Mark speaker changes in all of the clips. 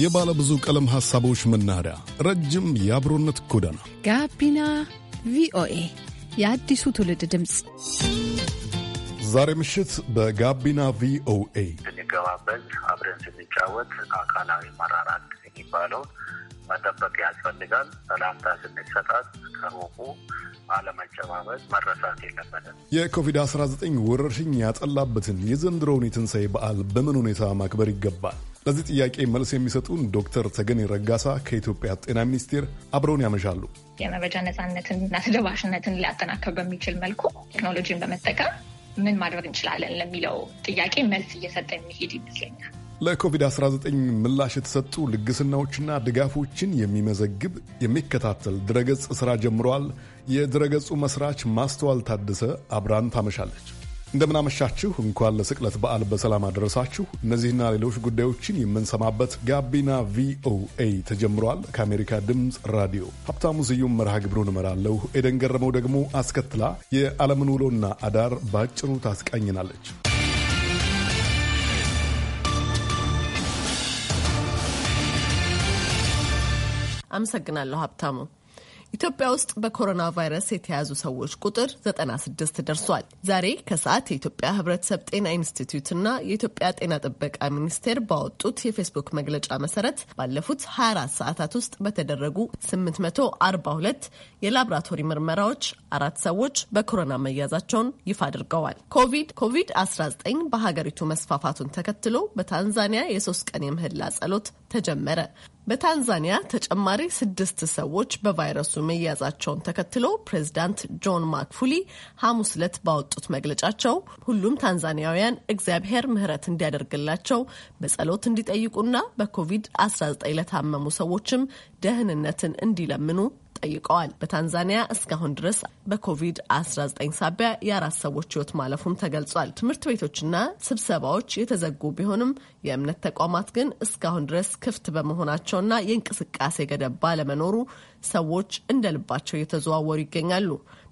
Speaker 1: የባለ ብዙ ቀለም ሐሳቦች መናኸሪያ፣ ረጅም የአብሮነት ጎዳና
Speaker 2: ጋቢና ቪኦኤ የአዲሱ ትውልድ ድምፅ።
Speaker 1: ዛሬ ምሽት በጋቢና ቪኦኤ
Speaker 3: ስንገባበት አብረን ስንጫወት አካላዊ መራራት የሚባለው። መጠበቅ ያስፈልጋል። ሰላምታ ስንሰጣት ከሩቁ አለመጨባበጥ መረሳት የለበትም።
Speaker 1: የኮቪድ-19 ወረርሽኝ ያጠላበትን የዘንድሮውን የትንሣኤ በዓል በምን ሁኔታ ማክበር ይገባል? ለዚህ ጥያቄ መልስ የሚሰጡን ዶክተር ተገኔ ረጋሳ ከኢትዮጵያ ጤና ሚኒስቴር አብረውን ያመሻሉ።
Speaker 4: የመረጃ ነጻነትን እና ተደራሽነትን ሊያጠናከር በሚችል መልኩ ቴክኖሎጂን በመጠቀም ምን ማድረግ እንችላለን ለሚለው ጥያቄ መልስ እየሰጠ የሚሄድ ይመስለኛል።
Speaker 1: ለኮቪድ-19 ምላሽ የተሰጡ ልግስናዎችና ድጋፎችን የሚመዘግብ የሚከታተል ድረገጽ ሥራ ጀምረዋል። የድረገጹ መስራች ማስተዋል ታደሰ አብራን ታመሻለች። እንደምናመሻችሁ እንኳን ለስቅለት በዓል በሰላም አደረሳችሁ። እነዚህና ሌሎች ጉዳዮችን የምንሰማበት ጋቢና ቪኦኤ ተጀምሯል። ከአሜሪካ ድምፅ ራዲዮ ሀብታሙ ስዩም መርሃ ግብሩን እመራለሁ። ኤደን ገረመው ደግሞ አስከትላ የዓለምን ውሎና አዳር በአጭሩ ታስቃኝናለች።
Speaker 5: አመሰግናለሁ ሀብታሙ። ኢትዮጵያ ውስጥ በኮሮና ቫይረስ የተያዙ ሰዎች ቁጥር 96 ደርሷል። ዛሬ ከሰዓት የኢትዮጵያ ሕብረተሰብ ጤና ኢንስቲትዩትና የኢትዮጵያ ጤና ጥበቃ ሚኒስቴር ባወጡት የፌስቡክ መግለጫ መሰረት ባለፉት 24 ሰዓታት ውስጥ በተደረጉ 842 የላብራቶሪ ምርመራዎች አራት ሰዎች በኮሮና መያዛቸውን ይፋ አድርገዋል። ኮቪድ ኮቪድ-19 በሀገሪቱ መስፋፋቱን ተከትሎ በታንዛኒያ የሶስት ቀን የምህላ ጸሎት ተጀመረ። በታንዛኒያ ተጨማሪ ስድስት ሰዎች በቫይረሱ መያዛቸውን ተከትሎ ፕሬዚዳንት ጆን ማክፉሊ ሐሙስ ዕለት ባወጡት መግለጫቸው ሁሉም ታንዛኒያውያን እግዚአብሔር ምሕረት እንዲያደርግላቸው በጸሎት እንዲጠይቁና በኮቪድ-19 ለታመሙ ሰዎችም ደህንነትን እንዲለምኑ ጠይቀዋል። በታንዛኒያ እስካሁን ድረስ በኮቪድ-19 ሳቢያ የአራት ሰዎች ሕይወት ማለፉም ተገልጿል። ትምህርት ቤቶችና ስብሰባዎች የተዘጉ ቢሆንም የእምነት ተቋማት ግን እስካሁን ድረስ ክፍት በመሆናቸውና የእንቅስቃሴ ገደብ ባለመኖሩ ሰዎች እንደ ልባቸው እየተዘዋወሩ ይገኛሉ።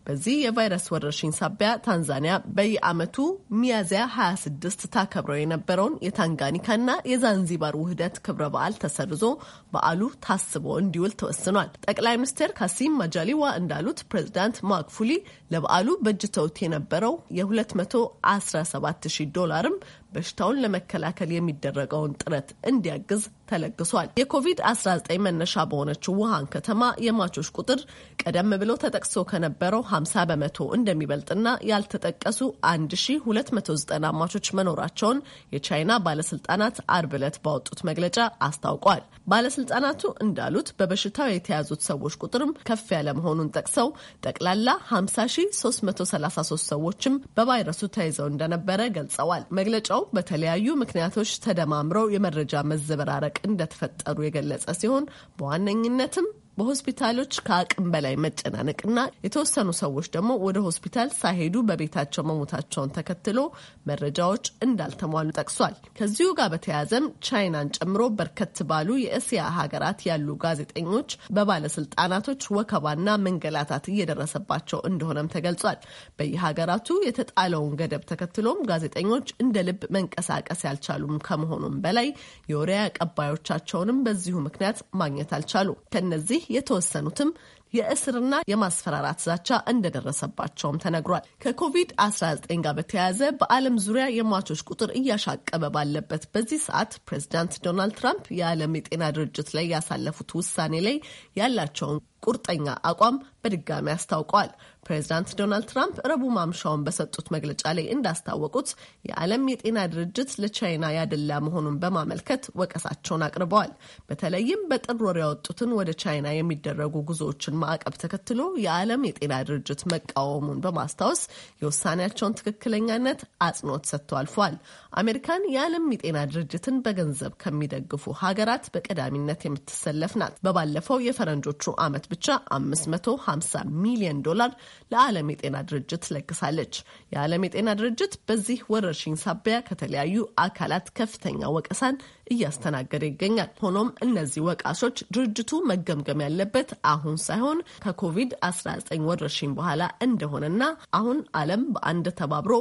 Speaker 5: በዚህ የቫይረስ ወረርሽኝ ሳቢያ ታንዛኒያ በየዓመቱ ሚያዝያ 26 ታከብረው የነበረውን የታንጋኒካና የዛንዚባር ውህደት ክብረ በዓል ተሰርዞ በዓሉ ታስቦ እንዲውል ተወስኗል። ጠቅላይ ሚኒስትር ካሲም ማጃሊዋ እንዳሉት ፕሬዚዳንት ማክፉሊ ለበዓሉ በጅተውት የነበረው የ217 ዶላርም በሽታውን ለመከላከል የሚደረገውን ጥረት እንዲያግዝ ተለግሷል። የኮቪድ-19 መነሻ በሆነችው ውሃን ከተማ የማቾች ቁጥር ቀደም ብሎ ተጠቅሶ ከነበረው 50 በመቶ እንደሚበልጥና ያልተጠቀሱ 1290 ማቾች መኖራቸውን የቻይና ባለስልጣናት አርብ ዕለት ባወጡት መግለጫ አስታውቋል። ባለስልጣናቱ እንዳሉት በበሽታው የተያዙት ሰዎች ቁጥርም ከፍ ያለ መሆኑን ጠቅሰው ጠቅላላ 50333 ሰዎችም በቫይረሱ ተይዘው እንደነበረ ገልጸዋል። መግለጫው በተለያዩ ምክንያቶች ተደማምረው የመረጃ መዘበራረቅ እንደተፈጠሩ የገለጸ ሲሆን በዋነኝነትም በሆስፒታሎች ከአቅም በላይ መጨናነቅና የተወሰኑ ሰዎች ደግሞ ወደ ሆስፒታል ሳይሄዱ በቤታቸው መሞታቸውን ተከትሎ መረጃዎች እንዳልተሟሉ ጠቅሷል። ከዚሁ ጋር በተያያዘም ቻይናን ጨምሮ በርከት ባሉ የእስያ ሀገራት ያሉ ጋዜጠኞች በባለስልጣናቶች ወከባና መንገላታት እየደረሰባቸው እንደሆነም ተገልጿል። በየሀገራቱ የተጣለውን ገደብ ተከትሎም ጋዜጠኞች እንደ ልብ መንቀሳቀስ ያልቻሉም ከመሆኑም በላይ የወሬ አቀባዮቻቸውንም በዚሁ ምክንያት ማግኘት አልቻሉ። ከነዚህ የተወሰኑትም የእስርና የማስፈራራት ዛቻ እንደደረሰባቸውም ተነግሯል። ከኮቪድ-19 ጋር በተያያዘ በዓለም ዙሪያ የሟቾች ቁጥር እያሻቀበ ባለበት በዚህ ሰዓት ፕሬዚዳንት ዶናልድ ትራምፕ የዓለም የጤና ድርጅት ላይ ያሳለፉት ውሳኔ ላይ ያላቸውን ቁርጠኛ አቋም በድጋሚ አስታውቀዋል። ፕሬዚዳንት ዶናልድ ትራምፕ ረቡዕ ማምሻውን በሰጡት መግለጫ ላይ እንዳስታወቁት የዓለም የጤና ድርጅት ለቻይና ያደላ መሆኑን በማመልከት ወቀሳቸውን አቅርበዋል። በተለይም በጥር ወር ያወጡትን ወደ ቻይና የሚደረጉ ጉዞዎችን ማዕቀብ ተከትሎ የዓለም የጤና ድርጅት መቃወሙን በማስታወስ የውሳኔያቸውን ትክክለኛነት አጽንኦት ሰጥቶ አልፏል። አሜሪካን የዓለም የጤና ድርጅትን በገንዘብ ከሚደግፉ ሀገራት በቀዳሚነት የምትሰለፍ ናት። በባለፈው የፈረንጆቹ ዓመት ብቻ 550 ሚሊዮን ዶላር ለዓለም የጤና ድርጅት ለግሳለች። የዓለም የጤና ድርጅት በዚህ ወረርሽኝ ሳቢያ ከተለያዩ አካላት ከፍተኛ ወቀሳን እያስተናገደ ይገኛል። ሆኖም እነዚህ ወቃሾች ድርጅቱ መገምገም ያለበት አሁን ሳይሆን ከኮቪድ-19 ወረርሽኝ በኋላ እንደሆነና አሁን ዓለም በአንድ ተባብሮ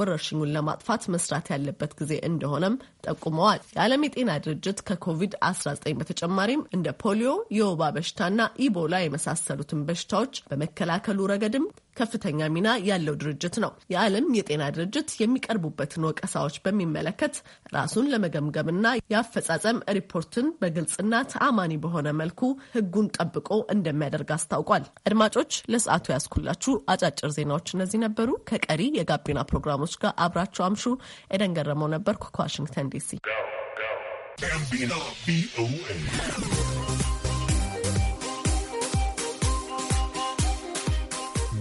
Speaker 5: ወረርሽኙን ለማጥፋት መስራት ያለበት ጊዜ እንደሆነም ጠቁመዋል። የዓለም የጤና ድርጅት ከኮቪድ-19 በተጨማሪም እንደ ፖሊዮ፣ የወባ በሽታና ኢቦላ የመሳሰሉትን በሽታዎች በመከላከሉ ረገድም ከፍተኛ ሚና ያለው ድርጅት ነው። የዓለም የጤና ድርጅት የሚቀርቡበትን ወቀሳዎች በሚመለከት ራሱን ለመገምገምና የአፈጻጸም ሪፖርትን በግልጽና ተአማኒ በሆነ መልኩ ሕጉን ጠብቆ እንደሚያደርግ አስታውቋል። አድማጮች፣ ለሰዓቱ ያስኩላችሁ አጫጭር ዜናዎች እነዚህ ነበሩ። ከቀሪ የጋቢና ፕሮግራሞች ጋር አብራችሁ አምሹ። ኤደን ገረመው ነበርኩ ከዋሽንግተን ዲሲ።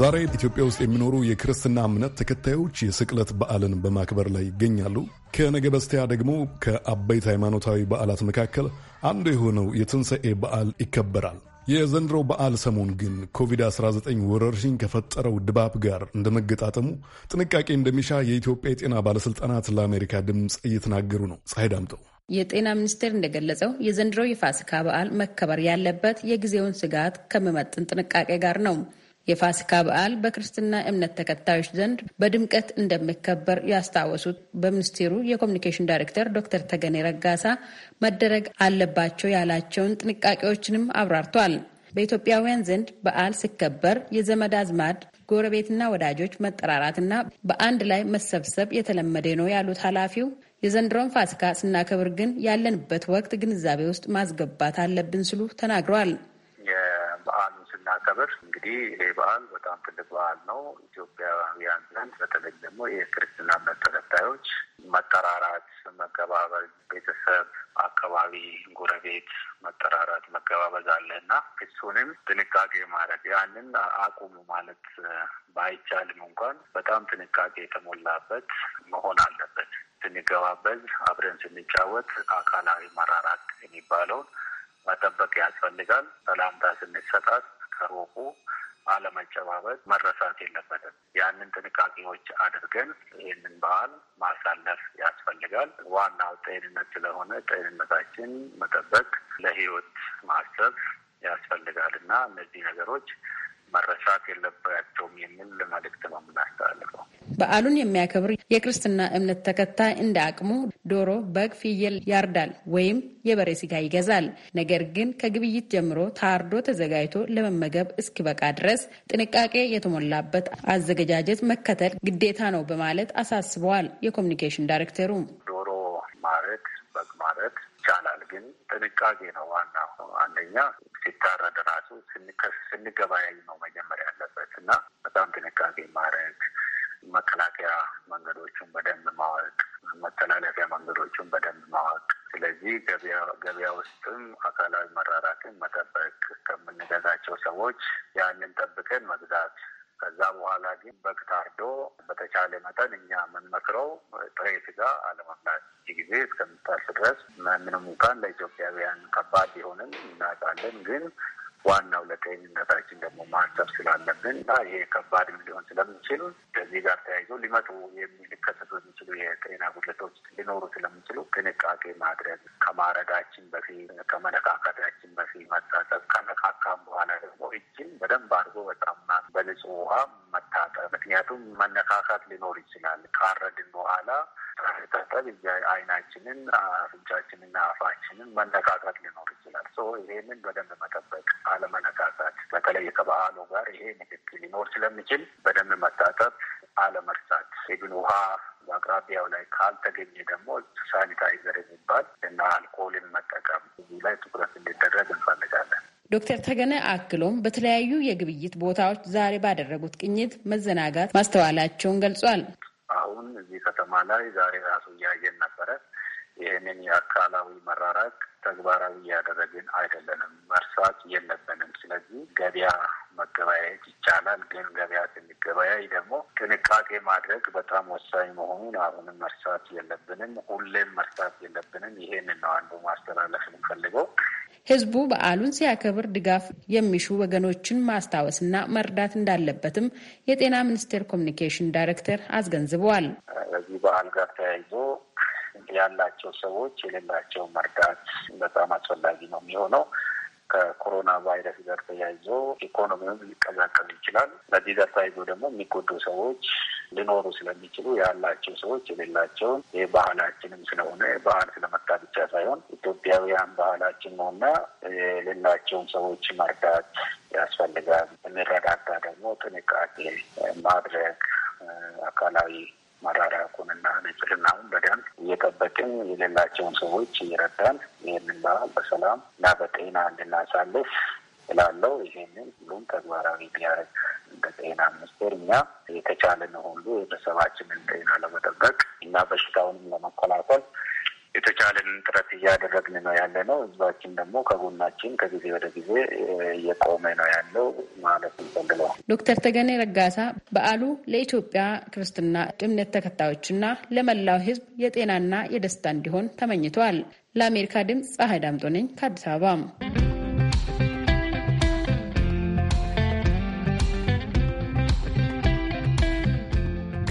Speaker 1: ዛሬ ኢትዮጵያ ውስጥ የሚኖሩ የክርስትና እምነት ተከታዮች የስቅለት በዓልን በማክበር ላይ ይገኛሉ። ከነገ በስቲያ ደግሞ ከአበይት ሃይማኖታዊ በዓላት መካከል አንዱ የሆነው የትንሣኤ በዓል ይከበራል። የዘንድሮ በዓል ሰሞን ግን ኮቪድ-19 ወረርሽኝ ከፈጠረው ድባብ ጋር እንደመገጣጠሙ ጥንቃቄ እንደሚሻ የኢትዮጵያ የጤና ባለሥልጣናት ለአሜሪካ ድምፅ እየተናገሩ ነው። ፀሐይ ዳምጠው
Speaker 2: የጤና ሚኒስቴር እንደገለጸው የዘንድሮ የፋሲካ በዓል መከበር ያለበት የጊዜውን ስጋት ከመመጥን ጥንቃቄ ጋር ነው። የፋሲካ በዓል በክርስትና እምነት ተከታዮች ዘንድ በድምቀት እንደሚከበር ያስታወሱት በሚኒስቴሩ የኮሚኒኬሽን ዳይሬክተር ዶክተር ተገኔ ረጋሳ መደረግ አለባቸው ያላቸውን ጥንቃቄዎችንም አብራርቷል። በኢትዮጵያውያን ዘንድ በዓል ሲከበር የዘመድ አዝማድ፣ ጎረቤትና ወዳጆች መጠራራትና በአንድ ላይ መሰብሰብ የተለመደ ነው ያሉት ኃላፊው የዘንድሮን ፋሲካ ስናከብር ግን ያለንበት ወቅት ግንዛቤ ውስጥ ማስገባት አለብን ስሉ ተናግረዋል።
Speaker 3: ማክበር እንግዲህ ይሄ በዓል በጣም ትልቅ በዓል ነው። ኢትዮጵያውያን ዘንድ በተለይ ደግሞ የክርስትና እምነት ተከታዮች መጠራራት፣ መገባበል፣ ቤተሰብ፣ አካባቢ፣ ጎረቤት መጠራራት፣ መገባበዝ አለ እና እሱንም ጥንቃቄ ማለት ያንን አቁሙ ማለት ባይቻልም እንኳን በጣም ጥንቃቄ የተሞላበት መሆን አለበት። ስንገባበዝ፣ አብረን ስንጫወት አካላዊ መራራት የሚባለውን መጠበቅ ያስፈልጋል። ሰላምታ ስንሰጣት መሰሮቁ አለመጨባበጥ መረሳት የለበትም። ያንን ጥንቃቄዎች አድርገን ይህንን በዓል ማሳለፍ ያስፈልጋል። ዋናው ጤንነት ስለሆነ ጤንነታችን መጠበቅ፣ ለህይወት ማሰብ ያስፈልጋል እና እነዚህ ነገሮች መረሳት የለባቸውም የሚል
Speaker 2: መልእክት ነው የምናስተላልፈው። በዓሉን የሚያከብር የክርስትና እምነት ተከታይ እንደ አቅሙ ዶሮ፣ በግ፣ ፍየል ያርዳል ወይም የበሬ ስጋ ይገዛል። ነገር ግን ከግብይት ጀምሮ ታርዶ ተዘጋጅቶ ለመመገብ እስኪበቃ ድረስ ጥንቃቄ የተሞላበት አዘገጃጀት መከተል ግዴታ ነው በማለት አሳስበዋል። የኮሚኒኬሽን ዳይሬክተሩ
Speaker 3: ዶሮ ማረድ፣ በግ ማረድ ይቻላል፣ ግን ጥንቃቄ ነው ዋናው። አንደኛ ሲታረድ ራሱ ስንገበያይ ነው መጀመሪያ ያለበት እና በጣም ጥንቃቄ ማድረግ መከላከያ መንገዶችን በደንብ ማወቅ፣ መተላለፊያ መንገዶችን በደንብ ማወቅ። ስለዚህ ገበያ ሊመጡ ሊከሰቱ የሚችሉ የጤና ጉድለቶች ሊኖሩ ስለሚችሉ ጥንቃቄ ማድረግ ከማረጋችን በፊት ከመነካከታችን በፊት መታጠብ፣ ከነካካም በኋላ ደግሞ እጅን በደንብ አድርጎ በጣምና በንጹህ ውሃ መታጠብ። ምክንያቱም መነካካት ሊኖር ይችላል። ካረድን በኋላ ስንታጠብ አይናችንን፣ አፍንጫችንና አፋችንን መነካካት ሊኖር ይችላል። ይሄንን በደንብ መጠበቅ አለመነካካት፣ በተለይ ከበዓሉ ጋር ይሄ ንግግ ሊኖር ስለሚችል በደንብ መታጠብ አለመርሳት ግን ውሃ አቅራቢያው ላይ ካልተገኘ ደግሞ ሳኒታይዘር የሚባል እና አልኮሆልን መጠቀም እዚህ ላይ ትኩረት እንዲደረግ
Speaker 2: እንፈልጋለን። ዶክተር ተገነ አክሎም በተለያዩ የግብይት ቦታዎች ዛሬ ባደረጉት ቅኝት መዘናጋት ማስተዋላቸውን ገልጿል።
Speaker 3: አሁን እዚህ ከተማ ላይ ዛሬ ራሱ እያየን ነበረ። ይህንን የአካላዊ መራራቅ ተግባራዊ እያደረግን አይደለንም። መርሳት የለብንም። ስለዚህ ገበያ መገበያየት ይቻላል። ግን ገበያ ስንገበያይ ደግሞ ጥንቃቄ ማድረግ በጣም ወሳኝ መሆኑን አሁንም መርሳት የለብንም፣ ሁሌም መርሳት የለብንም። ይሄንን ነው አንዱ ማስተላለፍ የምንፈልገው።
Speaker 2: ህዝቡ በዓሉን ሲያከብር ድጋፍ የሚሹ ወገኖችን ማስታወስና መርዳት እንዳለበትም የጤና ሚኒስቴር ኮሚኒኬሽን ዳይሬክተር አስገንዝበዋል።
Speaker 3: በዚህ በዓል ጋር ተያይዞ ያላቸው ሰዎች የሌላቸው መርዳት በጣም አስፈላጊ ነው የሚሆነው ከኮሮና ቫይረስ ጋር ተያይዞ ኢኮኖሚውም ሊቀዛቀዝ ይችላል። በዚህ ጋር ተያይዞ ደግሞ የሚጎዱ ሰዎች ሊኖሩ ስለሚችሉ ያላቸው ሰዎች የሌላቸውን ይህ ባህላችንም ስለሆነ ባህል ስለመጣ ብቻ ሳይሆን ኢትዮጵያውያን ባህላችን ነውና የሌላቸውን ሰዎች መርዳት ያስፈልጋል። የሚረዳዳ ደግሞ ጥንቃቄ ማድረግ አካላዊ ኮንና ንጽህናውን በደንብ እየጠበቅን የሌላቸውን ሰዎች እየረዳን ይህንን በዓል በሰላም እና በጤና እንድናሳልፍ ስላለው ይህንን ሁሉም ተግባራዊ ቢያደርግ እንደ ጤና ሚኒስቴር እኛ የተቻለን ሁሉ የቤተሰባችንን ጤና ለመጠበቅ እና በሽታውንም ለመከላከል የተቻለን ጥረት እያደረግን ነው ያለ ነው። ህዝባችን ደግሞ ከጎናችን ከጊዜ ወደ ጊዜ እየቆመ ነው ያለው ማለት ይፈልገዋል።
Speaker 2: ዶክተር ተገኔ ረጋሳ በዓሉ ለኢትዮጵያ ክርስትና እምነት ተከታዮችና ለመላው ህዝብ የጤናና የደስታ እንዲሆን ተመኝተዋል። ለአሜሪካ ድምፅ ፀሐይ ዳምጦ ነኝ ከአዲስ አበባ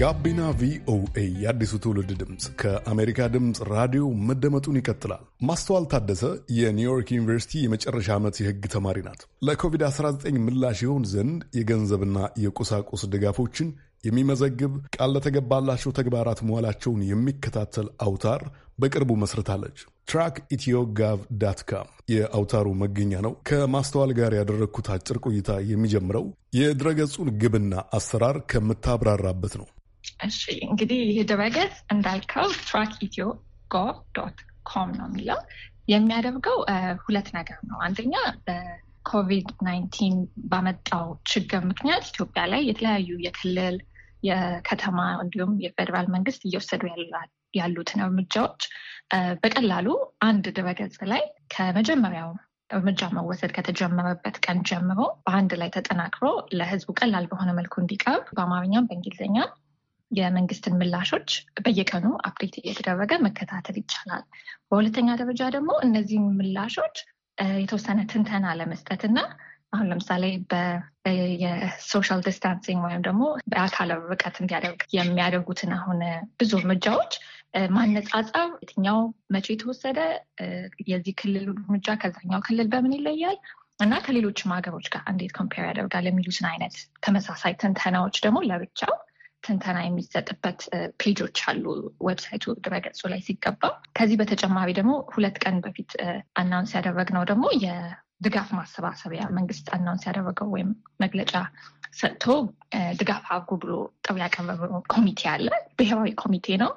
Speaker 1: ጋቢና ቪኦኤ የአዲሱ ትውልድ ድምፅ ከአሜሪካ ድምፅ ራዲዮ መደመጡን ይቀጥላል። ማስተዋል ታደሰ የኒውዮርክ ዩኒቨርሲቲ የመጨረሻ ዓመት የሕግ ተማሪ ናት። ለኮቪድ-19 ምላሽ ይሆን ዘንድ የገንዘብና የቁሳቁስ ድጋፎችን የሚመዘግብ ቃል ለተገባላቸው ተግባራት መዋላቸውን የሚከታተል አውታር በቅርቡ መስርታለች። ትራክ ኢትዮ ጋቭ ዳት ካም የአውታሩ መገኛ ነው። ከማስተዋል ጋር ያደረግኩት አጭር ቆይታ የሚጀምረው የድረገጹን ግብና አሰራር ከምታብራራበት ነው።
Speaker 4: እሺ እንግዲህ ይህ ድረገጽ እንዳልከው ትራክ ኢትዮ ጎ ዶት ኮም ነው የሚለው የሚያደርገው ሁለት ነገር ነው። አንደኛ በኮቪድ ናይንቲን ባመጣው ችግር ምክንያት ኢትዮጵያ ላይ የተለያዩ የክልል የከተማ እንዲሁም የፌዴራል መንግስት እየወሰዱ ያሉትን እርምጃዎች በቀላሉ አንድ ድረገጽ ላይ ከመጀመሪያው እርምጃ መወሰድ ከተጀመረበት ቀን ጀምሮ በአንድ ላይ ተጠናክሮ ለህዝቡ ቀላል በሆነ መልኩ እንዲቀርብ በአማርኛም በእንግሊዝኛም የመንግስትን ምላሾች በየቀኑ አፕዴት እየተደረገ መከታተል ይቻላል። በሁለተኛ ደረጃ ደግሞ እነዚህ ምላሾች የተወሰነ ትንተና ለመስጠት እና አሁን ለምሳሌ የሶሻል ዲስታንሲንግ ወይም ደግሞ በአካል ርቀት እንዲያደርግ የሚያደርጉትን አሁን ብዙ እርምጃዎች ማነጻጸር፣ የትኛው መቼ የተወሰደ የዚህ ክልል እርምጃ ከዛኛው ክልል በምን ይለያል እና ከሌሎችም ሀገሮች ጋር እንዴት ኮምፔር ያደርጋል የሚሉትን አይነት ተመሳሳይ ትንተናዎች ደግሞ ለብቻው ትንተና የሚሰጥበት ፔጆች አሉ ዌብሳይቱ ድረገጹ ላይ ሲገባ። ከዚህ በተጨማሪ ደግሞ ሁለት ቀን በፊት አናውንስ ያደረግነው ደግሞ የድጋፍ ማሰባሰቢያ መንግስት አናውንስ ያደረገው ወይም መግለጫ ሰጥቶ ድጋፍ አድርጉ ብሎ ጥሪ ያቀረበው ኮሚቴ አለ። ብሔራዊ ኮሚቴ ነው።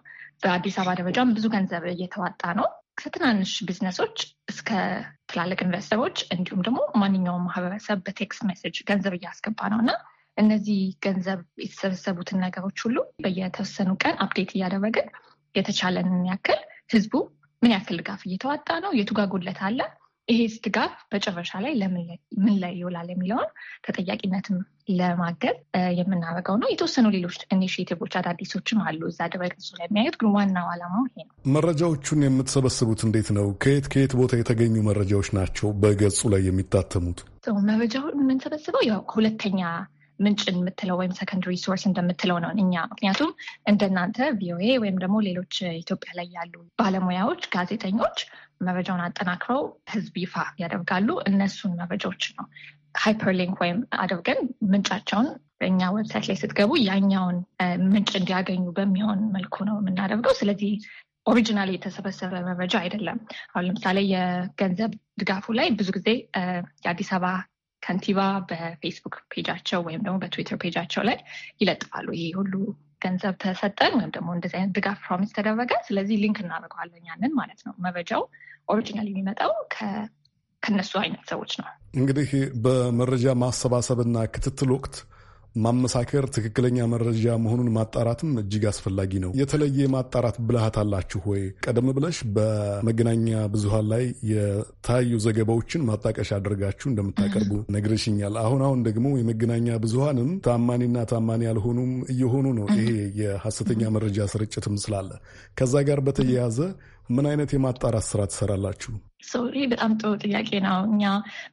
Speaker 4: በአዲስ አበባ ደረጃም ብዙ ገንዘብ እየተዋጣ ነው ከትናንሽ ቢዝነሶች እስከ ትላልቅ ኢንቨስተሮች እንዲሁም ደግሞ ማንኛውም ማህበረሰብ በቴክስት ሜሴጅ ገንዘብ እያስገባ ነው እና እነዚህ ገንዘብ የተሰበሰቡትን ነገሮች ሁሉ በየተወሰኑ ቀን አፕዴት እያደረግን የተቻለንን ያክል ህዝቡ ምን ያክል ድጋፍ እየተዋጣ ነው፣ የቱ ጉድለት አለ፣ ይሄ ድጋፍ በጨረሻ ላይ ምን ላይ ይውላል የሚለውን ተጠያቂነትም ለማገዝ የምናደርገው ነው። የተወሰኑ ሌሎች ኢኒሽቲቮች አዳዲሶችም አሉ እዛ ድረገጹ ላይ የሚያዩት፣ ግን ዋናው አላማው ይሄ ነው።
Speaker 1: መረጃዎቹን የምትሰበስቡት እንዴት ነው? ከየት ከየት ቦታ የተገኙ መረጃዎች ናቸው በገጹ ላይ የሚታተሙት?
Speaker 4: መረጃውን የምንሰበስበው ያው ከሁለተኛ ምንጭ የምትለው ወይም ሰከንድሪ ሶርስ እንደምትለው ነው እኛ። ምክንያቱም እንደናንተ ቪኦኤ ወይም ደግሞ ሌሎች ኢትዮጵያ ላይ ያሉ ባለሙያዎች፣ ጋዜጠኞች መረጃውን አጠናክረው ህዝብ ይፋ ያደርጋሉ። እነሱን መረጃዎች ነው ሃይፐርሊንክ ወይም አድርገን ምንጫቸውን እኛ ዌብሳይት ላይ ስትገቡ ያኛውን ምንጭ እንዲያገኙ በሚሆን መልኩ ነው የምናደርገው። ስለዚህ ኦሪጂናል የተሰበሰበ መረጃ አይደለም። አሁን ለምሳሌ የገንዘብ ድጋፉ ላይ ብዙ ጊዜ የአዲስ አበባ ከንቲባ በፌስቡክ ፔጃቸው ወይም ደግሞ በትዊተር ፔጃቸው ላይ ይለጥፋሉ። ይሄ ሁሉ ገንዘብ ተሰጠን ወይም ደግሞ እንደዚህ አይነት ድጋፍ ፕሮሚስ ተደረገ፣ ስለዚህ ሊንክ እናደርገዋለን ያንን ማለት ነው። መረጃው ኦሪጂናል የሚመጣው ከነሱ አይነት ሰዎች ነው።
Speaker 1: እንግዲህ በመረጃ ማሰባሰብና ክትትል ወቅት ማመሳከር ትክክለኛ መረጃ መሆኑን ማጣራትም እጅግ አስፈላጊ ነው። የተለየ ማጣራት ብልሃት አላችሁ ወይ? ቀደም ብለሽ በመገናኛ ብዙሃን ላይ የታዩ ዘገባዎችን ማጣቀሻ አድርጋችሁ እንደምታቀርቡ ነግረሽኛል። አሁን አሁን ደግሞ የመገናኛ ብዙሃንም ታማኒና ታማኒ ያልሆኑም እየሆኑ ነው። ይሄ የሐሰተኛ መረጃ ስርጭትም ስላለ ከዛ ጋር በተያያዘ ምን አይነት የማጣራት ስራ ትሰራላችሁ?
Speaker 4: ይህ በጣም ጥሩ ጥያቄ ነው። እኛ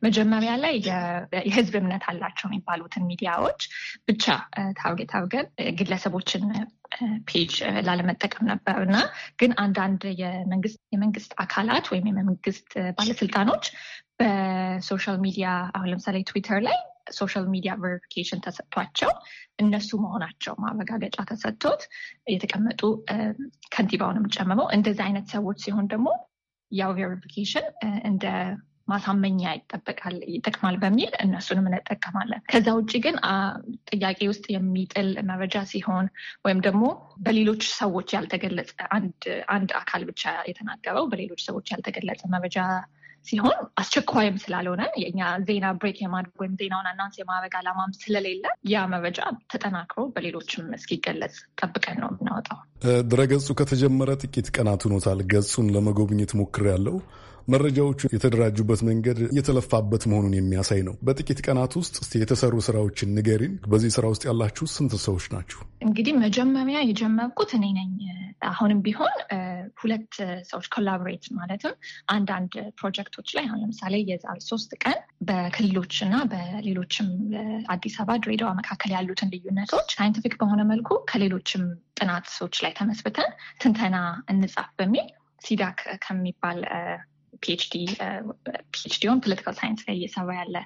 Speaker 4: መጀመሪያ ላይ የህዝብ እምነት አላቸው የሚባሉትን ሚዲያዎች ብቻ ታርጌት አድርገን ግለሰቦችን ፔጅ ላለመጠቀም ነበር እና ግን አንዳንድ የመንግስት አካላት ወይም የመንግስት ባለስልጣኖች በሶሻል ሚዲያ አሁን ለምሳሌ ትዊተር ላይ ሶሻል ሚዲያ ቨሪፊኬሽን ተሰጥቷቸው እነሱ መሆናቸው ማረጋገጫ ተሰጥቶት የተቀመጡ ከንቲባውንም ጨምረው እንደዚህ አይነት ሰዎች ሲሆን ደግሞ ያው ቨሪፊኬሽን እንደ ማሳመኛ ይጠበቃል ይጠቅማል በሚል እነሱንም እንጠቀማለን። ከዛ ውጭ ግን ጥያቄ ውስጥ የሚጥል መረጃ ሲሆን ወይም ደግሞ በሌሎች ሰዎች ያልተገለጸ አንድ አካል ብቻ የተናገረው በሌሎች ሰዎች ያልተገለጸ መረጃ ሲሆን አስቸኳይም ስላልሆነ የእኛ ዜና ብሬክ የማድረግ ወይም ዜናውን አናንስ የማድረግ አላማም ስለሌለ ያ መረጃ ተጠናክሮ በሌሎችም እስኪገለጽ ጠብቀን ነው የምናወጣው።
Speaker 1: ድረገጹ ከተጀመረ ጥቂት ቀናት ሆኖታል። ገጹን ለመጎብኘት ሞክሬያለሁ። መረጃዎቹ የተደራጁበት መንገድ እየተለፋበት መሆኑን የሚያሳይ ነው። በጥቂት ቀናት ውስጥ የተሰሩ ስራዎችን ንገሪን። በዚህ ስራ ውስጥ ያላችሁ ስንት ሰዎች ናችሁ?
Speaker 4: እንግዲህ መጀመሪያ የጀመርኩት እኔ ነኝ። አሁንም ቢሆን ሁለት ሰዎች ኮላቦሬት ማለትም አንዳንድ ፕሮጀክቶች ላይ አሁን ለምሳሌ የዛሬ ሶስት ቀን በክልሎች እና በሌሎችም አዲስ አበባ፣ ድሬዳዋ መካከል ያሉትን ልዩነቶች ሳይንቲፊክ በሆነ መልኩ ከሌሎችም ጥናቶች ላይ ተመስብተን ትንተና እንጻፍ በሚል ሲዳክ ከሚባል ፒኤችዲ ፒኤችዲውን ፖለቲካል ሳይንስ ላይ እየሰራ ያለ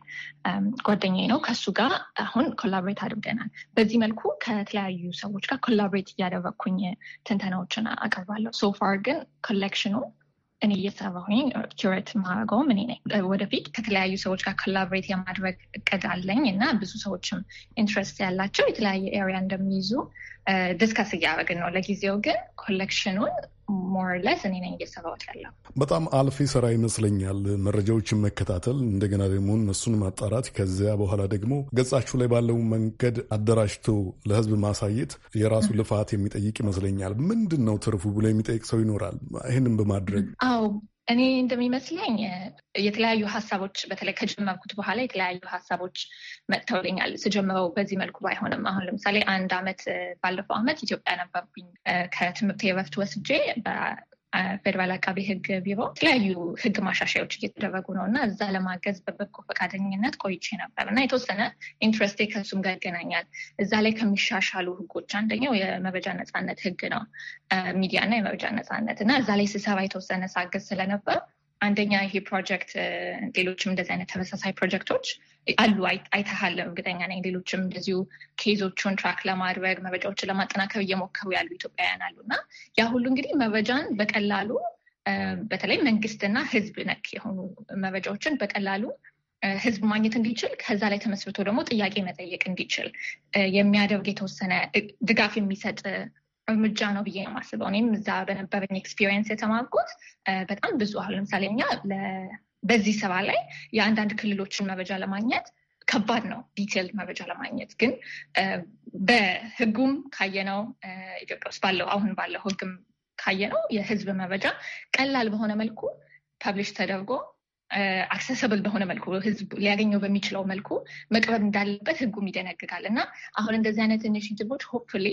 Speaker 4: um, ጓደኛ ነው። ከሱ ጋር አሁን ኮላብሬት አድርገናል። በዚህ መልኩ ከተለያዩ ሰዎች ጋር ኮላብሬት እያደረግኩኝ ትንተናዎችን አቀርባለሁ። ሶፋር ግን ኮሌክሽኑ እኔ እየሰራሁኝ ኪውሬት ማድረገውም እኔ ነኝ። ወደፊት ከተለያዩ ሰዎች ጋር ኮላብሬት የማድረግ እቅድ አለኝ እና ብዙ ሰዎችም ኢንትረስት ያላቸው የተለያየ ኤሪያ እንደሚይዙ ዲስከስ uh, እያደረግን ነው። ለጊዜው ግን ኮሌክሽኑን ሞርለስ እኔ ነኝ እየሰራሁት ያለው።
Speaker 1: በጣም አልፊ ስራ ይመስለኛል። መረጃዎችን መከታተል፣ እንደገና ደግሞ እነሱን ማጣራት፣ ከዚያ በኋላ ደግሞ ገጻችሁ ላይ ባለው መንገድ አደራጅቶ ለህዝብ ማሳየት የራሱ ልፋት የሚጠይቅ ይመስለኛል። ምንድን ነው ትርፉ ብሎ የሚጠይቅ ሰው ይኖራል። ይህንን በማድረግ
Speaker 4: አዎ እኔ እንደሚመስለኝ የተለያዩ ሀሳቦች በተለይ ከጀመርኩት በኋላ የተለያዩ ሀሳቦች መጥተውልኛል። ስጀምረው በዚህ መልኩ ባይሆንም አሁን ለምሳሌ አንድ አመት ባለፈው አመት ኢትዮጵያ ነበርኩኝ። ከትምህርት የረፍት ወስጄ ፌዴራል አቃቤ ህግ ቢሮ የተለያዩ ህግ ማሻሻያዎች እየተደረጉ ነው እና እዛ ለማገዝ በበጎ ፈቃደኝነት ቆይቼ ነበር እና የተወሰነ ኢንትረስቴ ከሱም ጋር ይገናኛል። እዛ ላይ ከሚሻሻሉ ህጎች አንደኛው የመረጃ ነፃነት ህግ ነው ሚዲያ እና የመረጃ ነፃነት እና እዛ ላይ ስሰራ የተወሰነ ሳገዝ ስለነበር አንደኛ ይሄ ፕሮጀክት ሌሎችም እንደዚህ አይነት ተመሳሳይ ፕሮጀክቶች አሉ፣ አይተሃል፣ እርግጠኛ ነኝ። ሌሎችም እንደዚሁ ኬዞቹን ትራክ ለማድረግ መረጃዎችን ለማጠናከብ እየሞከሩ ያሉ ኢትዮጵያውያን አሉ እና ያ ሁሉ እንግዲህ መረጃን በቀላሉ በተለይ መንግስትና ህዝብ ነክ የሆኑ መረጃዎችን በቀላሉ ህዝብ ማግኘት እንዲችል ከዛ ላይ ተመስርቶ ደግሞ ጥያቄ መጠየቅ እንዲችል የሚያደርግ የተወሰነ ድጋፍ የሚሰጥ እርምጃ ነው ብዬ ነው የማስበው። እኔም እዛ በነበረኝ ኤክስፒሪየንስ የተማርኩት በጣም ብዙ አሁን ለምሳሌ እኛ በዚህ ስራ ላይ የአንዳንድ ክልሎችን መረጃ ለማግኘት ከባድ ነው፣ ዲቴል መረጃ ለማግኘት ግን በህጉም ካየነው ኢትዮጵያ ውስጥ ባለው አሁን ባለው ህግም ካየነው የህዝብ መረጃ ቀላል በሆነ መልኩ ፐብሊሽ ተደርጎ አክሰሰብል በሆነ መልኩ ህዝብ ሊያገኘው በሚችለው መልኩ መቅረብ እንዳለበት ህጉም ይደነግጋል እና አሁን እንደዚህ አይነት ኢኒሽቲቮች ሆፕፉሊ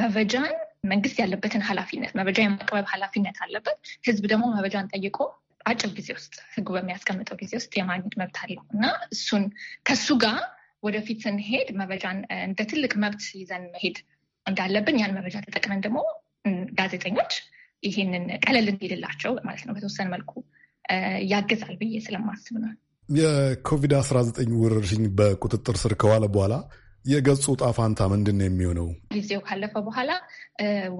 Speaker 4: መበጃን መንግስት ያለበትን ኃላፊነት መበጃ የማቅረብ ኃላፊነት አለበት። ህዝብ ደግሞ መበጃን ጠይቆ አጭር ጊዜ ውስጥ ህጉ በሚያስቀምጠው ጊዜ ውስጥ የማግኘት መብት አለው እና እሱን ከሱ ጋር ወደፊት ስንሄድ መረጃን እንደ ትልቅ መብት ይዘን መሄድ እንዳለብን ያን መረጃ ተጠቅመን ደግሞ ጋዜጠኞች ይህንን ቀለል እንዲልላቸው ማለት ነው በተወሰነ መልኩ ያግዛል ብዬ ስለማስብ ነው።
Speaker 1: የኮቪድ-19 ወረርሽኝ በቁጥጥር ስር ከዋለ በኋላ የገጹ ጣፋንታ ምንድን ነው የሚሆነው?
Speaker 4: ጊዜው ካለፈ በኋላ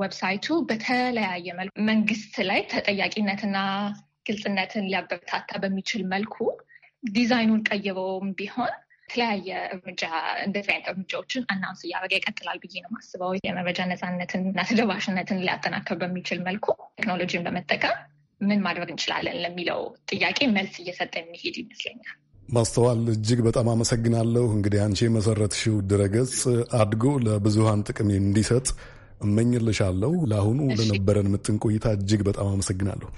Speaker 4: ዌብሳይቱ በተለያየ መልኩ መንግስት ላይ ተጠያቂነትና ግልጽነትን ሊያበረታታ በሚችል መልኩ ዲዛይኑን ቀይበውም ቢሆን የተለያየ እርምጃ እንደዚህ አይነት እርምጃዎችን አናውንስ እያደረገ ይቀጥላል ብዬ ነው ማስበው። የመረጃ ነፃነትን እና ተደራሽነትን ሊያጠናከር በሚችል መልኩ ቴክኖሎጂን በመጠቀም ምን ማድረግ እንችላለን ለሚለው ጥያቄ መልስ እየሰጠ የሚሄድ ይመስለኛል።
Speaker 1: ማስተዋል እጅግ በጣም አመሰግናለሁ። እንግዲህ አንቺ የመሰረትሽው ድረገጽ አድጎ ለብዙሃን ጥቅም እንዲሰጥ እመኝልሻለሁ። ለአሁኑ ለነበረን ምጥን ቆይታ እጅግ በጣም አመሰግናለሁ።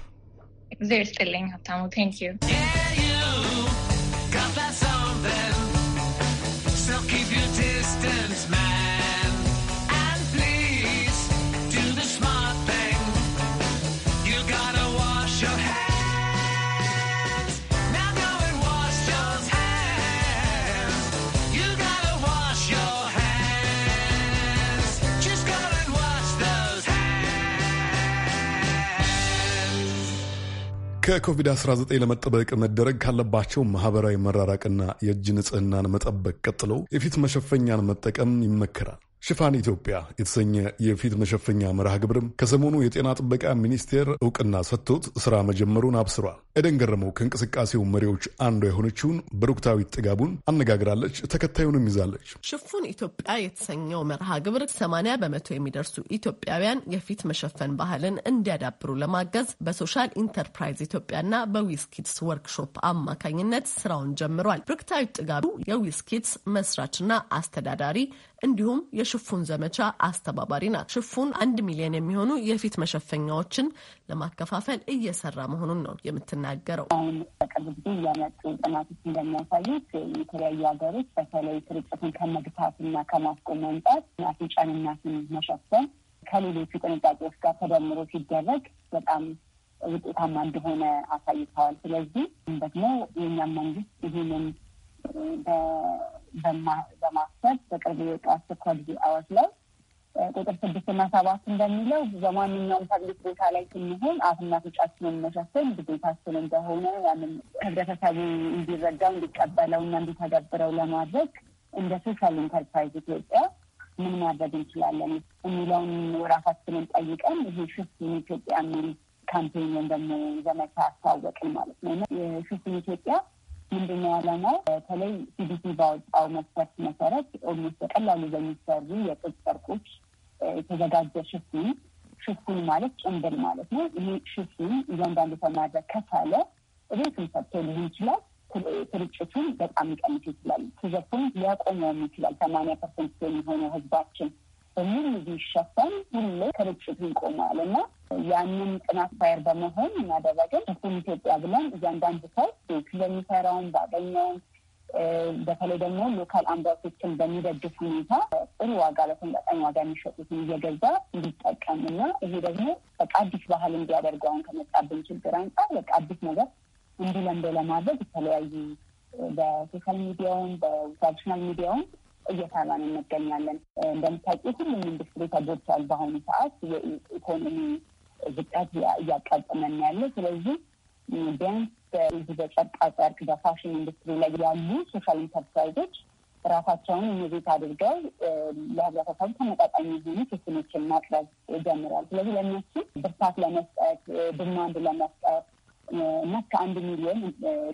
Speaker 4: እግዚአብሔር ይስጥልኝ ሀብታሙ።
Speaker 1: ከኮቪድ-19 ለመጠበቅ መደረግ ካለባቸው ማህበራዊ መራራቅና የእጅ ንጽህናን መጠበቅ ቀጥለው የፊት መሸፈኛን መጠቀም ይመከራል። ሽፋን ኢትዮጵያ የተሰኘ የፊት መሸፈኛ መርሃ ግብርም ከሰሞኑ የጤና ጥበቃ ሚኒስቴር እውቅና ሰጥቶት ስራ መጀመሩን አብስሯል። ኤደን ገረመው ከእንቅስቃሴው መሪዎች አንዷ የሆነችውን ብሩክታዊት ጥጋቡን አነጋግራለች። ተከታዩንም ይዛለች።
Speaker 5: ሽፉን ኢትዮጵያ የተሰኘው መርሃ ግብር ሰማንያ በመቶ የሚደርሱ ኢትዮጵያውያን የፊት መሸፈን ባህልን እንዲያዳብሩ ለማገዝ በሶሻል ኢንተርፕራይዝ ኢትዮጵያና በዊስኪድስ ወርክሾፕ አማካኝነት ስራውን ጀምሯል። ብሩክታዊት ጥጋቡ የዊስኪድስ መስራችና አስተዳዳሪ እንዲሁም የሽፉን ዘመቻ አስተባባሪ ናት። ሽፉን አንድ ሚሊዮን የሚሆኑ የፊት መሸፈኛዎችን ለማከፋፈል እየሰራ መሆኑን ነው የምትናገረው። አሁን በቅርብ ጊዜ እያመጡ ጥናቶች እንደሚያሳዩት የተለያዩ ሀገሮች በተለይ ስርጭትን ከመግታትና
Speaker 6: ከማስቆም መምጣት አፍንጫን መሸፈን ከሌሎቹ ጥንቃቄዎች ጋር ተደምሮ ሲደረግ በጣም ውጤታማ እንደሆነ አሳይተዋል። ስለዚህ ደግሞ የእኛም መንግስት ይህንን በማሰብ በቅርብ የወጣ አስቸኳይ ጊዜ አዋጅ ላይ ቁጥር ስድስት እና ሰባት እንደሚለው በማንኛውም ፐብሊክ ቦታ ላይ ስንሆን አፍና ፍንጫችንን መሸፈን ግዴታችን እንደሆነ ያንን ህብረተሰቡ እንዲረዳው እንዲቀበለው እና እንዲተገብረው ለማድረግ እንደ ሶሻል ኢንተርፕራይዝ ኢትዮጵያ ምን ማድረግ እንችላለን የሚለውን ራሳችንን ጠይቀን ይሄ ሽፍን ኢትዮጵያ የሚል ካምፔን ወይም ደግሞ ዘመቻ አስተዋወቅን ማለት ነው። ሽፍን ኢትዮጵያ ምንድነው ያለነው በተለይ ሲዲሲ ባወጣው መስፈርት መሰረት ኦልሞስት በቀላሉ በሚሰሩ የጥጥ ጨርቆች የተዘጋጀ ሽፉን ሽፉን ማለት ጭንብል ማለት ነው። ይህ ሽፉን እያንዳንዱ ሰው ማድረግ ከቻለ ቤቱን ሰጥቶ ሊሆን ይችላል። ስርጭቱን በጣም ሊቀንስ ይችላል። ትዘፉን ሊያቆመውም ይችላል። ሰማንያ ፐርሰንት የሚሆነው ህዝባችን ሁሉም ቢሸፈን ሁሌ ከርጭት ይቆማል እና ያንን ጥናት ፋይር በመሆን እናደረገን እሱም ኢትዮጵያ ብለን እያንዳንዱ ሰው ስለሚሰራውን ባገኘውን በተለይ ደግሞ ሎካል አምራቾችን በሚደግፍ ሁኔታ ጥሩ ዋጋ ለተመጣጣኝ ዋጋ የሚሸጡትን እየገዛ እንዲጠቀም እና ይሄ ደግሞ በቃ አዲስ ባህል እንዲያደርገው አሁን ከመጣብን ችግር አንጻር በቃ አዲስ ነገር እንዲለምደው ለማድረግ የተለያዩ በሶሻል ሚዲያውን በትራዲሽናል ሚዲያውን እየሰራን እንገኛለን። እንደምታውቂው ሁሉም ኢንዱስትሪ ተጎድቷል። በአሁኑ ሰዓት የኢኮኖሚ ዝቀት እያቃጠመን ያለ ስለዚህ ቢያንስ በዚህ በጨርቃ ጨርቅ በፋሽን ኢንዱስትሪ ላይ ያሉ ሶሻል ኢንተርፕራይዞች ራሳቸውን ሙዚት አድርገው ለህብረተሰቡ ተመጣጣኝ የሆኑ ክፍሎችን ማቅረብ ጀምረዋል። ስለዚህ ለእነሱ ብርታት ለመስጠት ድማንድ ለመስጠት እና ከአንድ ሚሊዮን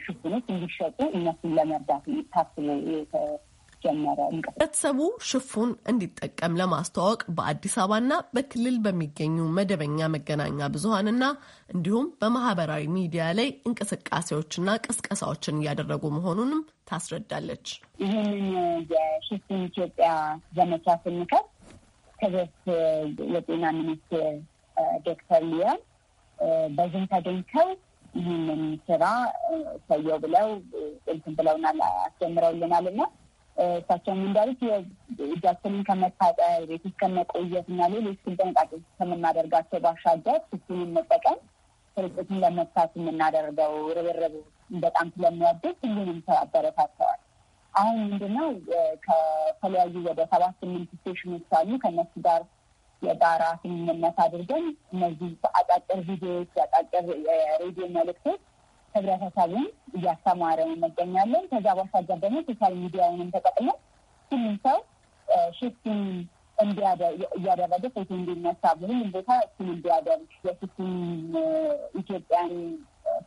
Speaker 6: ሽፍኖች እንዲሸጡ እነሱን ለመርዳት ታስቦ ጀመረ።
Speaker 5: ህብረተሰቡ ሽፉን እንዲጠቀም ለማስተዋወቅ በአዲስ አበባና በክልል በሚገኙ መደበኛ መገናኛ ብዙሀንና እንዲሁም በማህበራዊ ሚዲያ ላይ እንቅስቃሴዎችና ቅስቀሳዎችን እያደረጉ መሆኑንም ታስረዳለች። ይህንን የሽፉን ኢትዮጵያ
Speaker 6: ዘመቻ ስንከት ከበት የጤና ሚኒስትር ዶክተር ሊዮን በዝም ተገኝተው ይህንን ስራ ሰየው ብለው እንትን ብለውናል፣ አስጀምረውልናል እና እሳቸውም እንዳሉት እጃችንን ከመታጠብ ቤት ውስጥ ከመቆየት እና ሌሎች ጥንቃቄዎች ከምናደርጋቸው ባሻገር ስሱን መጠቀም ስርጭትን ለመፍታት የምናደርገው ርብርብ በጣም ስለሚያደግ ሁሉንም ሰው አበረታተዋል። አሁን ምንድነው ከተለያዩ ወደ ሰባት ስምንት ስቴሽኖች አሉ። ከነሱ ጋር የጋራ ስምምነት አድርገን እነዚህ አጫጭር ቪዲዮዎች፣ አጫጭር የሬዲዮ መልእክቶች ህብረተሰቡን እያስተማረ እንገኛለን። ከዛ ባሻገር ደግሞ ሶሻል ሚዲያውንም ተጠቅሞ ሁሉም ሰው ሽፍቲን እያደረገ ፎቶ እንዲነሳ ሁሉም ቦታ እሱን እንዲያደርግ የሽፍቲን ኢትዮጵያን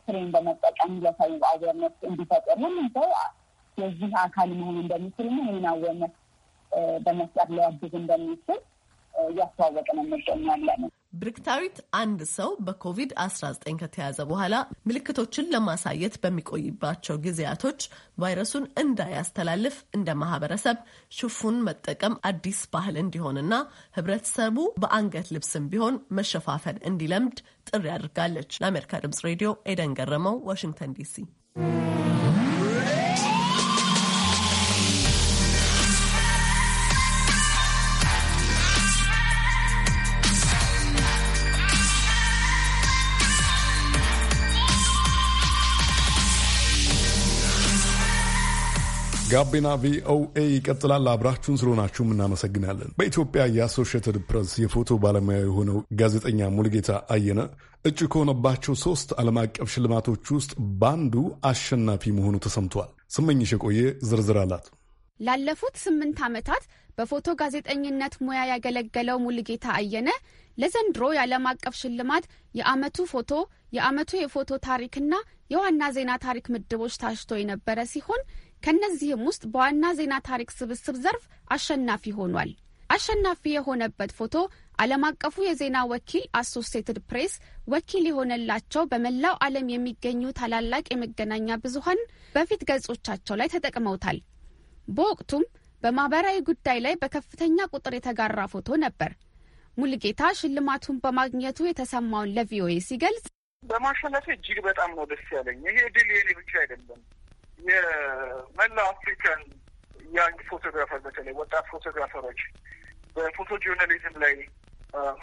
Speaker 6: ፍሬን በመጠቀም ለሰው አዌርነት እንዲፈጥር ሁሉም ሰው የዚህ አካል መሆን እንደሚችል ና ይህን አዌርነት
Speaker 5: በመፍጠር ሊያግዝ እንደሚችል እያስተዋወቅን እንገኛለን። ብርክታዊት አንድ ሰው በኮቪድ-19 ከተያዘ በኋላ ምልክቶችን ለማሳየት በሚቆይባቸው ጊዜያቶች ቫይረሱን እንዳያስተላልፍ እንደ ማህበረሰብ ሽፉን መጠቀም አዲስ ባህል እንዲሆንና ህብረተሰቡ በአንገት ልብስም ቢሆን መሸፋፈን እንዲለምድ ጥሪ አድርጋለች። ለአሜሪካ ድምጽ ሬዲዮ ኤደን ገረመው፣ ዋሽንግተን ዲሲ
Speaker 1: ጋቢና ቪኦኤ ይቀጥላል። አብራችሁን ስለሆናችሁም እናመሰግናለን። በኢትዮጵያ የአሶሽትድ ፕሬስ የፎቶ ባለሙያ የሆነው ጋዜጠኛ ሙልጌታ አየነ እጩ ከሆነባቸው ሶስት ዓለም አቀፍ ሽልማቶች ውስጥ በአንዱ አሸናፊ መሆኑ ተሰምቷል። ስመኝሽ የቆየ ዝርዝር አላት።
Speaker 7: ላለፉት ስምንት ዓመታት በፎቶ ጋዜጠኝነት ሙያ ያገለገለው ሙልጌታ አየነ ለዘንድሮ የዓለም አቀፍ ሽልማት የአመቱ ፎቶ፣ የአመቱ የፎቶ ታሪክና የዋና ዜና ታሪክ ምድቦች ታጭቶ የነበረ ሲሆን ከእነዚህም ውስጥ በዋና ዜና ታሪክ ስብስብ ዘርፍ አሸናፊ ሆኗል። አሸናፊ የሆነበት ፎቶ ዓለም አቀፉ የዜና ወኪል አሶሴትድ ፕሬስ ወኪል የሆነላቸው በመላው ዓለም የሚገኙ ታላላቅ የመገናኛ ብዙሀን በፊት ገጾቻቸው ላይ ተጠቅመውታል። በወቅቱም በማኅበራዊ ጉዳይ ላይ በከፍተኛ ቁጥር የተጋራ ፎቶ ነበር። ሙልጌታ ሽልማቱን በማግኘቱ የተሰማውን ለቪኦኤ ሲገልጽ
Speaker 8: በማሸነፌ እጅግ በጣም ነው ደስ ያለኝ። ይሄ ድል የኔ ብቻ አይደለም የመላ አፍሪካን ያንግ ፎቶግራፈር በተለይ ወጣት ፎቶግራፈሮች በፎቶ ጆርናሊዝም ላይ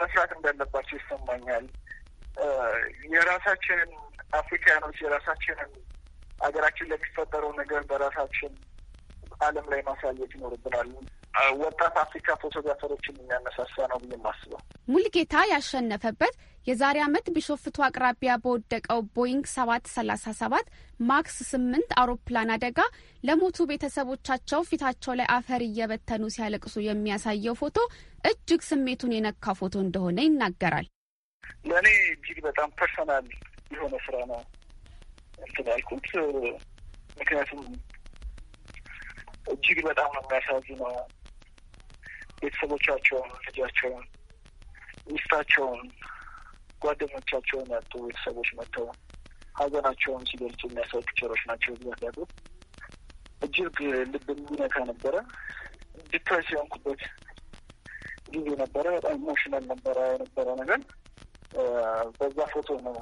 Speaker 8: መስራት እንዳለባቸው ይሰማኛል። የራሳችንን አፍሪካኖች የራሳችንን ሀገራችን ለሚፈጠረው ነገር በራሳችን ዓለም ላይ ማሳየት ይኖርብናል። ወጣት አፍሪካ ፎቶግራፈሮችን የሚያነሳሳ ነው ብዬ የማስበው
Speaker 7: ሙልጌታ ያሸነፈበት የዛሬ ዓመት ቢሾፍቱ አቅራቢያ በወደቀው ቦይንግ 737 ማክስ 8 አውሮፕላን አደጋ ለሞቱ ቤተሰቦቻቸው ፊታቸው ላይ አፈር እየበተኑ ሲያለቅሱ የሚያሳየው ፎቶ እጅግ ስሜቱን የነካ ፎቶ እንደሆነ ይናገራል።
Speaker 8: ለእኔ እጅግ በጣም ፐርሰናል የሆነ ስራ ነው እንትን ያልኩት፣ ምክንያቱም እጅግ በጣም ነው የሚያሳዝነው ቤተሰቦቻቸውን፣ ልጃቸውን፣ ሚስታቸውን፣ ጓደኞቻቸውን ያጡ ቤተሰቦች መጥተው ሀዘናቸውን ሲገልጹ የሚያሳዩ ፒክቸሮች ናቸው ብዛት ያሉት። እጅግ ልብ የሚነካ ነበረ። ዲፕሬስ የሆንኩበት ጊዜ ነበረ። በጣም ኢሞሽናል ነበረ የነበረ ነገር በዛ ፎቶ ነው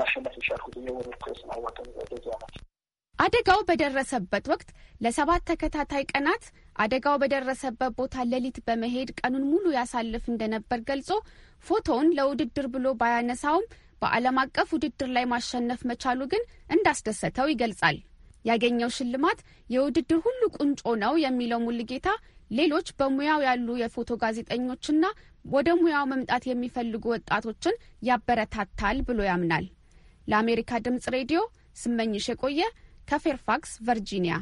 Speaker 8: ማሸነፍ የቻልኩት። የወሮ ክስ ማዋጠ ደዚ አመት
Speaker 7: አደጋው በደረሰበት ወቅት ለሰባት ተከታታይ ቀናት አደጋው በደረሰበት ቦታ ሌሊት በመሄድ ቀኑን ሙሉ ያሳልፍ እንደነበር ገልጾ ፎቶውን ለውድድር ብሎ ባያነሳውም በዓለም አቀፍ ውድድር ላይ ማሸነፍ መቻሉ ግን እንዳስደሰተው ይገልጻል። ያገኘው ሽልማት የውድድር ሁሉ ቁንጮ ነው የሚለው ሙልጌታ ሌሎች በሙያው ያሉ የፎቶ ጋዜጠኞችና ወደ ሙያው መምጣት የሚፈልጉ ወጣቶችን ያበረታታል ብሎ ያምናል። ለአሜሪካ ድምጽ ሬዲዮ ስመኝሽ የቆየ ከፌርፋክስ ቨርጂኒያ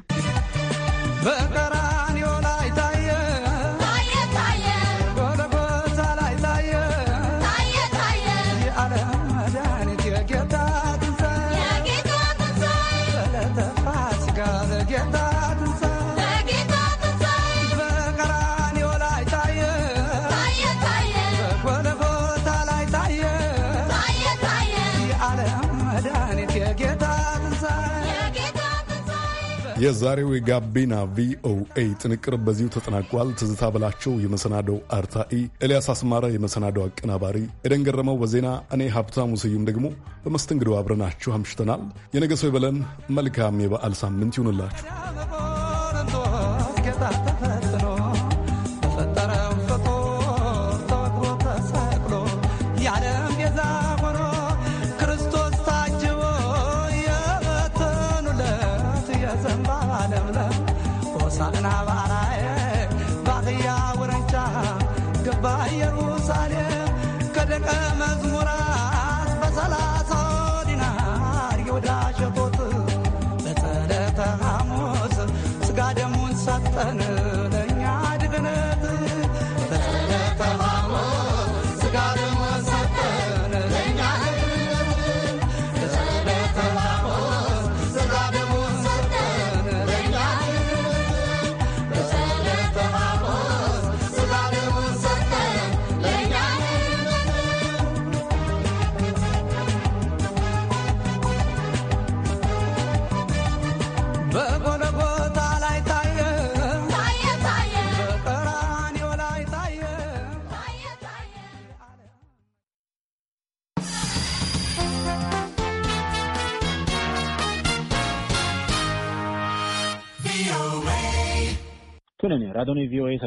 Speaker 1: የዛሬው የጋቢና ቪኦኤ ጥንቅር በዚሁ ተጠናቋል። ትዝታ በላቸው የመሰናደው አርታኢ፣ ኤልያስ አስማረ የመሰናዶው አቀናባሪ፣ ኤደን ገረመው በዜና እኔ ሀብታሙ ስዩም ደግሞ በመስተንግዶ አብረናችሁ አምሽተናል። የነገ ሰው ይበለን። መልካም የበዓል ሳምንት ይሁንላችሁ።
Speaker 9: Carga
Speaker 3: esa VOA